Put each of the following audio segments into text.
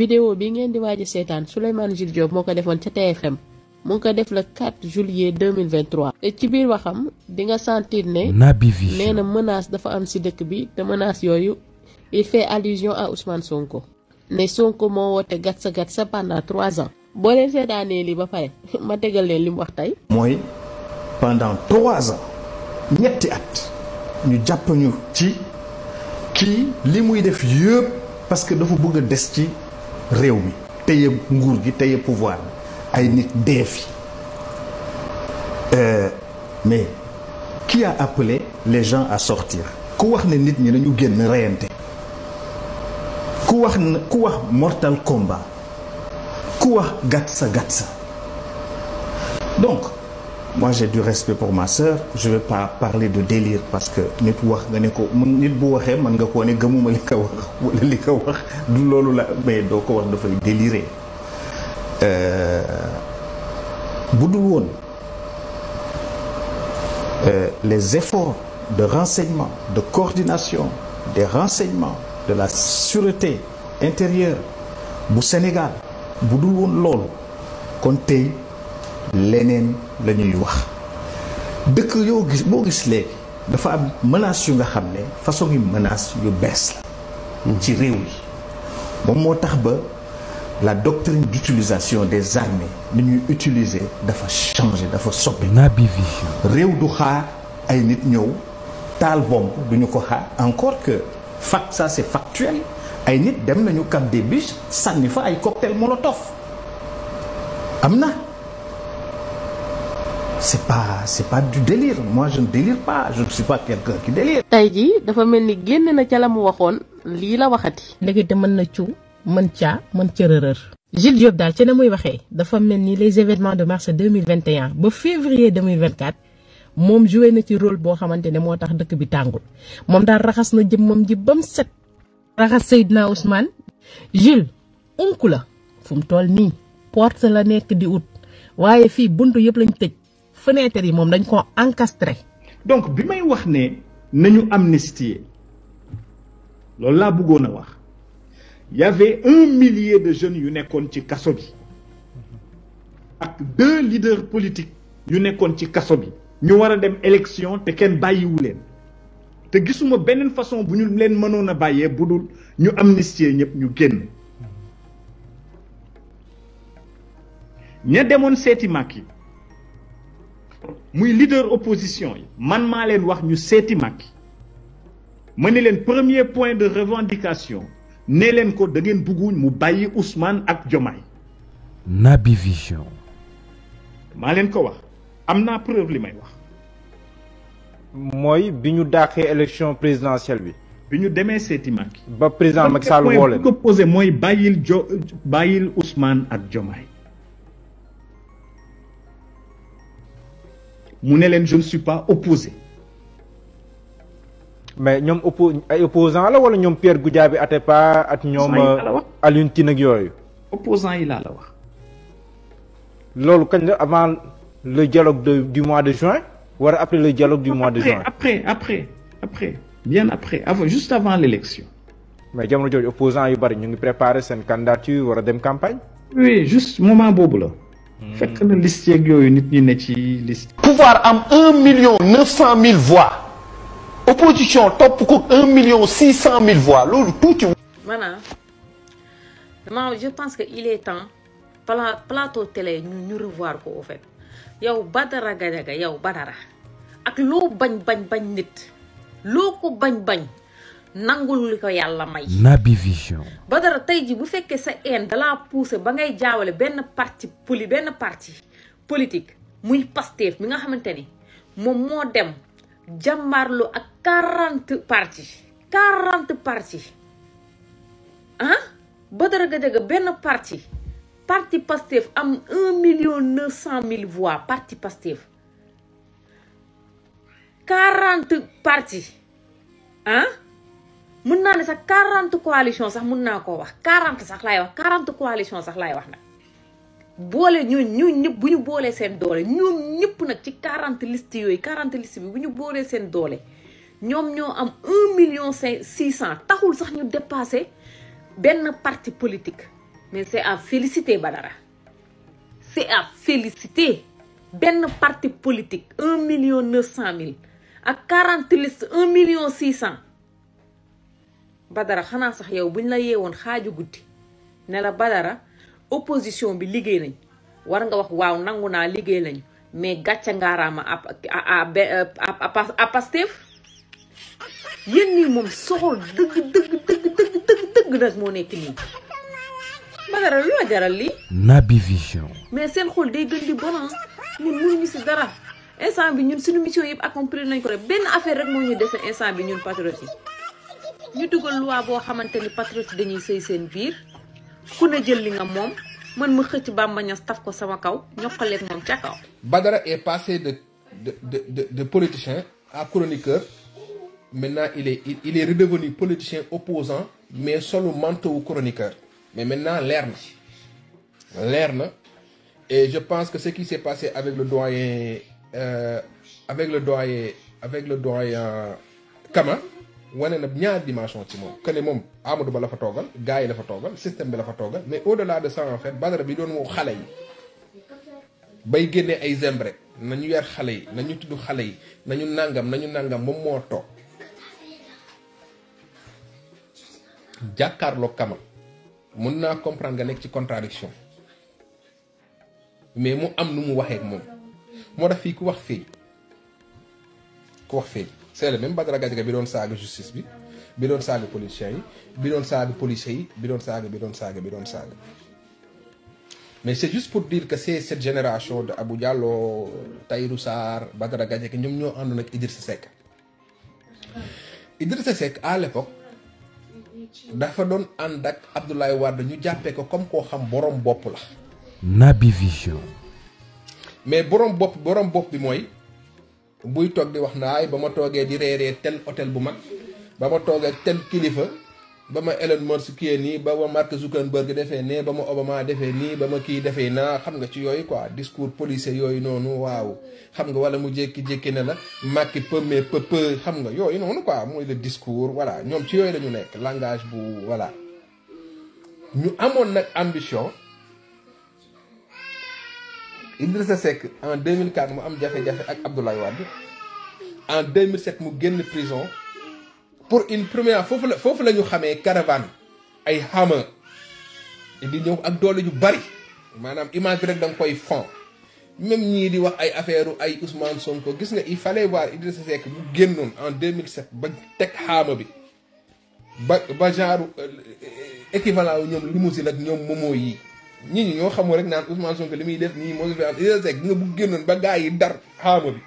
vidéo bi ngeen di waaj a seetaan TFM le 4 juillet 2023 Et ci biir waxam di nga sentir ne menace dafa menace il fait allusion à Ousmane Sonko ne Sonko moo woote gatsa gatsa pendant trois ans boo leen seetaanee li ba pare ma tegal wax pendant trois ans ñetti at ñu jàpp ñu ci parce que dafa bëgg a Réumi, mi téye nguur pouvoir bi ay nit euh, mais qui a appelé les gens à sortir ku wax ne nit ñi dañu génn reyante ku wax ku wax mortal combat ku wax gatsa. gatsa donc moi j'ai du respect pour ma sœur je ne vais pas parler de délire parce que nit wax nga ne ko nit bu waxe un nga ko ne gëmuma li ko wax wala li wax du lolu la mais do ko wax fay délirer euh, budul euh, les efforts de renseignement de coordination des renseignements de la sûreté intérieure au Sénégal budul won woon leneen la ñuy wax dëkk yoo gis boo gis léegi dafa am menace yu nga xam ne façon yi menace yu bees la ci réew mi moom moo tax ba la doctrine d'utilisation des armées ni ñuy utiliser dafa changer dafa soppi Naby Vision réew du xaar ay nit ñëw taal bomb duñu ko xaar encore que fact ça c'est factuel ay nit dem nañu Cap des Biches sànni fa ay cocktail molotov am na c'est pas c'est pas du délire moi je ne délire pas je ne suis pas quelqu'un qui délire. tey jii dafa mel ni génn na ca la mu waxoon lii la waxati. ndekete mën na ciw mën caa mën ca rërër. Gilles Diop daal ci na muy waxee dafa mel les événements de mars 2021 ba février 2024 moom jouer na ci rôle boo xamante ne moo tax dëkk bi tàngul moom daal raxas na jëmmam ji bam set. raxas Seydina Ousmane. Gilles unku la fu mu porte la nekk di ut waaye fii buntu yëpp lañ tëj fenêtre yi mom dañ ko encastré. donc bi may wax né nañu amnistier lool la bëggoon a wax y avait un millier de jeunes yu nekkoon ci kasso bi ak deux leaders politiques yu nekkoon ci kasso bi ñu wara dem élection ken bayyi wu len té gisuma benen façon bu ñu leen mënoon a bàyyee bu ñu amnistier ñep ñu genn ña demoon seeti makki muy leader opposition man maa leen wax ñu seeti Macky ma ne premier point de revendication ne leen ko da ngeen mu bàyyi Ousmane ak Diomaye Nabi Vision maa leen ko wax am naa preuve li may wax mooy bi ñu dàqee élection présidentielle bi bi ñu demee seeti Macky ba président Macky Sall woo leen ko posé mooy bàyyil jo bàyyil Ousmane ak Diomaye mon hélène je ne suis pas opposé mais nous opposant la wala ñoom Pierre Goudiaby Atepa pas ñoom euh, Alioune à ak yooyu opposant il laa la wax loolu avant le dialogue du mois de juin ou après le dialogue du mois de juin après après après bien après avant juste avant l'élection mais jamono opposant yu bari nous ngi préparer candidature ou a campagne oui juste moment bobo la fait que nous sommes les stéréotypes, les stéréotypes. Pouvoir à 1 900 000 voix. opposition cours du chant, pourquoi 1 600 000 voix Voilà. Je pense qu'il est temps. Par la plateau télé, nous nous revoyons. Il y a une bataille. Il y a une bataille. Avec l'eau, la bataille. L'eau, la bataille. nangul li ko yàlla may. Naby Vision. tey ji bu fekkee sa haine dalaa poussé ba ngay jaawale benn parti poli benn parti politik muy Pastef mi nga xamante ni moom moo dem jàmbaarlu ak quarante parti quarante parti ah Badara am un million neuf cent mille voix parti Pastef quarante parti ah mën naa ne sax 40 coalition sax mun naa koo wax 40 sax laay wax 40 coalition sax laay wax nag boole ñooñ ñu ñëpp bu ñu boolee seen doole ñu ñëpp nag ci 40 liste yooyu 40 liste bi bu ñu boolee seen doole ñoom ñoo am 1 million cinq six cent taxul sax ñu dépassé benn parti politique mais c'est à ba dara c'est à féliciter benn parti politique 1 million cent mille ak 40 liste un million 600. Badara xanaa sax yow ñu la yeewoon xaaju guddi ne la Badara opposition bi liggéey nañ war nga wax waaw nangu naa liggéey nañu mais gàcca ngaaraama à Pastef yéen nii moom soxor dëgg dëgg dëgg dëgg dëgg dëgg nag moo nekk nii Badara lu a jaral lii Naby Vision mais seen xol day gën di bonan ah. ñun mënuñu si dara instant bi ñun suñu mission yëpp accomplir nañ ko rek benn affaire rek moo ñu dese instant bi ñun patriote ñu dugal loi boo xamante ni patriote dañuy sëy seen biir ku ne jël li nga moom man ma xëcc Bamba Ñas taf ko sama kaw ñokkaleeg moom ca kaw. Badara est passé de de de de politicien à chroniqueur maintenant il est il est redevenu politicien opposant mais seulement manteau chroniqueur mais maintenant leer na et je pense que ce qui s'est passé avec le doyen euh, avec le doyen avec le doyen Kama. wane na ñaar dimension ci moom que ne moom Amadou Ba la fa toogal gars yi la fa toogal système bi la fa toogal mais au delà de ça en fait Badara bi doon woo xale yi bay génnee ay zembre nañu yar xale yi na nañu tudd xale yi nañu nàngam na nañu nàngam moom moo toog jàkkaarloo kamal mun naa comprendre nga nekk ci contradiction mais mu am nu mu waxee moom moo tax fii ku wax feeñ ku wax feeñ c'est le même Badara qui bi doon justice bi bi doon saaga politiciens policier, bi doon saaga policiers yi bi doon saaga bi bi mais c'est juste pour dire que c'est cette génération de Abou Diallo Tahirou Sarr Badara qui nous ñoo àndoon avec Idrissa Seck Idrissa Seck à l'époque dafa fait ànd Abdoulaye Ward, ñu jàppee ko comme koo xam borom Bop. la. Nabi Vision. mais borom Bop, borom Bop bi mooy. buy toog di wax naay ba ma toogee di reeree tel hôtel bu mag ba ma toogee tel kilifa ba ma Elon Musk kii nii ba ma Mark Zuckerberg defee nee ba ma Obama defee nii ba ma kii defee naa xam nga ci yooyu quoi discours policier yooyu noonu waaw xam nga wala mu jékki-jékki ne la Macky peu mais peu xam nga yooyu noonu quoi mooy le discours voilà ñoom ci yooyu la ñu nekk langage bu voilà ñu amoon nag ambition Idrissa Seck en 2004 mu am jafé jafé ak Abdoulaye Wade en 2007 mu génn prison pour une première Fofu, la foofu la ñu caravane ay Hummer di ñëw ak doole ju bari manam image bi rek dang koy fond même ñi di wax ay affaire ay Ousmane Sonko gis nga il fallait voir Idrissa Seck mu génnoon en 2007 ba tek Hummer bi ba ba genre euh, euh, équivalent ñom limousine ak ñom momo yi nit ñi ñoo xamul rek naan Ousmane Sonko li muy def nii moo fi am Il Seck dina bu génnoon ba gaa yi dar xaama bi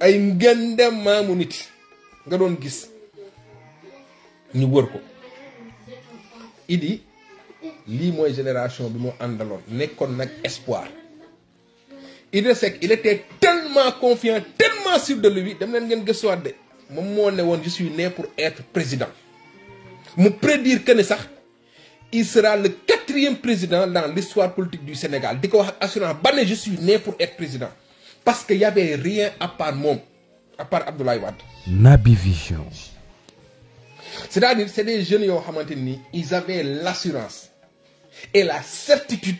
ay ngëndem maamu nit nga doon gis ñu wër ko Idi lii mooy génération bi moo àndaloon nekkoon nag espoir Idrissa il était tellement confiant tellement sûr de lui dem leen ngeen gëstuwaat de moom moo ne woon je suis né pour être président mu prédire que ne sax il sera le quatrième président dans l'histoire politique du Sénégal Dès qu'on wax je suis né pour être président parce qu'il n'y avait rien à part moi à part Abdoulaye Wade. Nabi Vision. c'est-à-dire c'est des jeunes qui ont ils avaient l'assurance et la certitude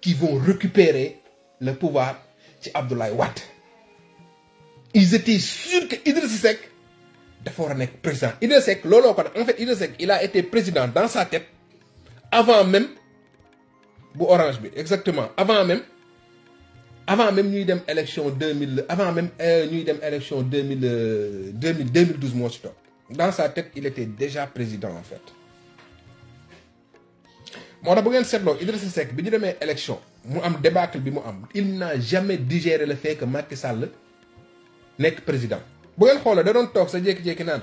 qu'ils vont récupérer le pouvoir ci Abdoulaye Wade ils étaient sûrs que Idriss Seck Devait être président Idriss Seck en fait Idriss Seck il a été président dans sa tête avant même bu orange bi exactement avant même avant même ñuy dem élection 2000 avant même euh, ñuy dem élection 2012 euh, mille deux mille dans sa tête il était déjà président en fait moo tax bu ngeen setlo Idrissa Seck bi ñu demee élection mu am débâcle bi mu am il n'a jamais digéré le fait que Macky Sall nek président bu ngeen xoolee da doon tok sa jékki-jékki nan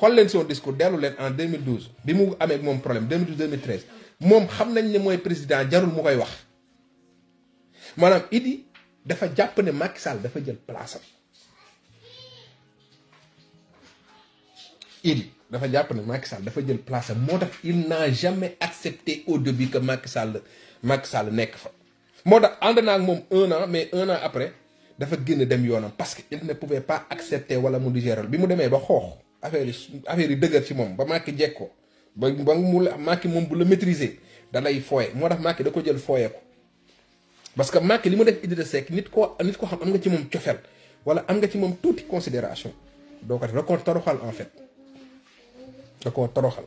on leen son discours en 2012 bi mu problème 2012 2013 moom xam nañ ne président jarul mu koy wax maanaam Idi dafa jàpp ne Macky Sall dafa jël place am Idi dafa jàpp ne Macky Sall dafa jël place am il n'a jamais accepté au début que Macky Sall Macky Sall nekk fa. moo tax un an mais un an après il dafa fait dem yoonam parce qu'il ne pouvait pas accepter wala mu di gérer bi ba affaire yi affaire yi dëgër ci moom ba Macky jekk ko ba ba mu moom bu la maîtriser da lay fooye moo tax Macky da ko jël fooye ko parce que Macky li mu def Idrissa Seck nit koo nit ko xam am nga ci moom cofeel wala am nga ci moom tuuti considération doo ko def da koo toroxal en fait da toroxal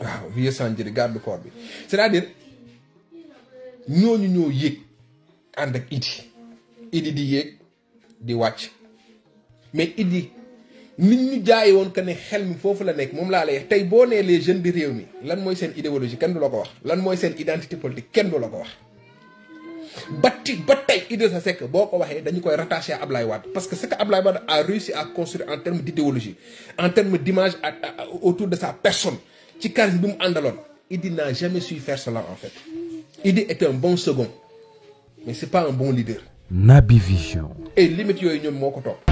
waaw vieux sanjëri garde corps bi c'est-à-dire ñooñu ñoo yéeg ànd ak Idi Idi di yéeg di wàcc mais il dit nit ñu jaay woon que ne xel mi la nek mom la lay tay bo ne les jeunes de réew mi lan moy sen idéologie kenn du la ko wax lan moy sen identité politique kenn du la ko wax batti ti ba tey Idrissa Seck boo ko koy rattacher à Ablaye Wade parce que ce que Ablaye Wade a réussi à construire en termes d'idéologie en termes d'image autour de sa personne ci charisme bi mu àndaloon Idi n'a jamais su faire cela en fait Idi était un bon second mais c'est pas un bon leader nabi Vision et limite yoy ñom moko ko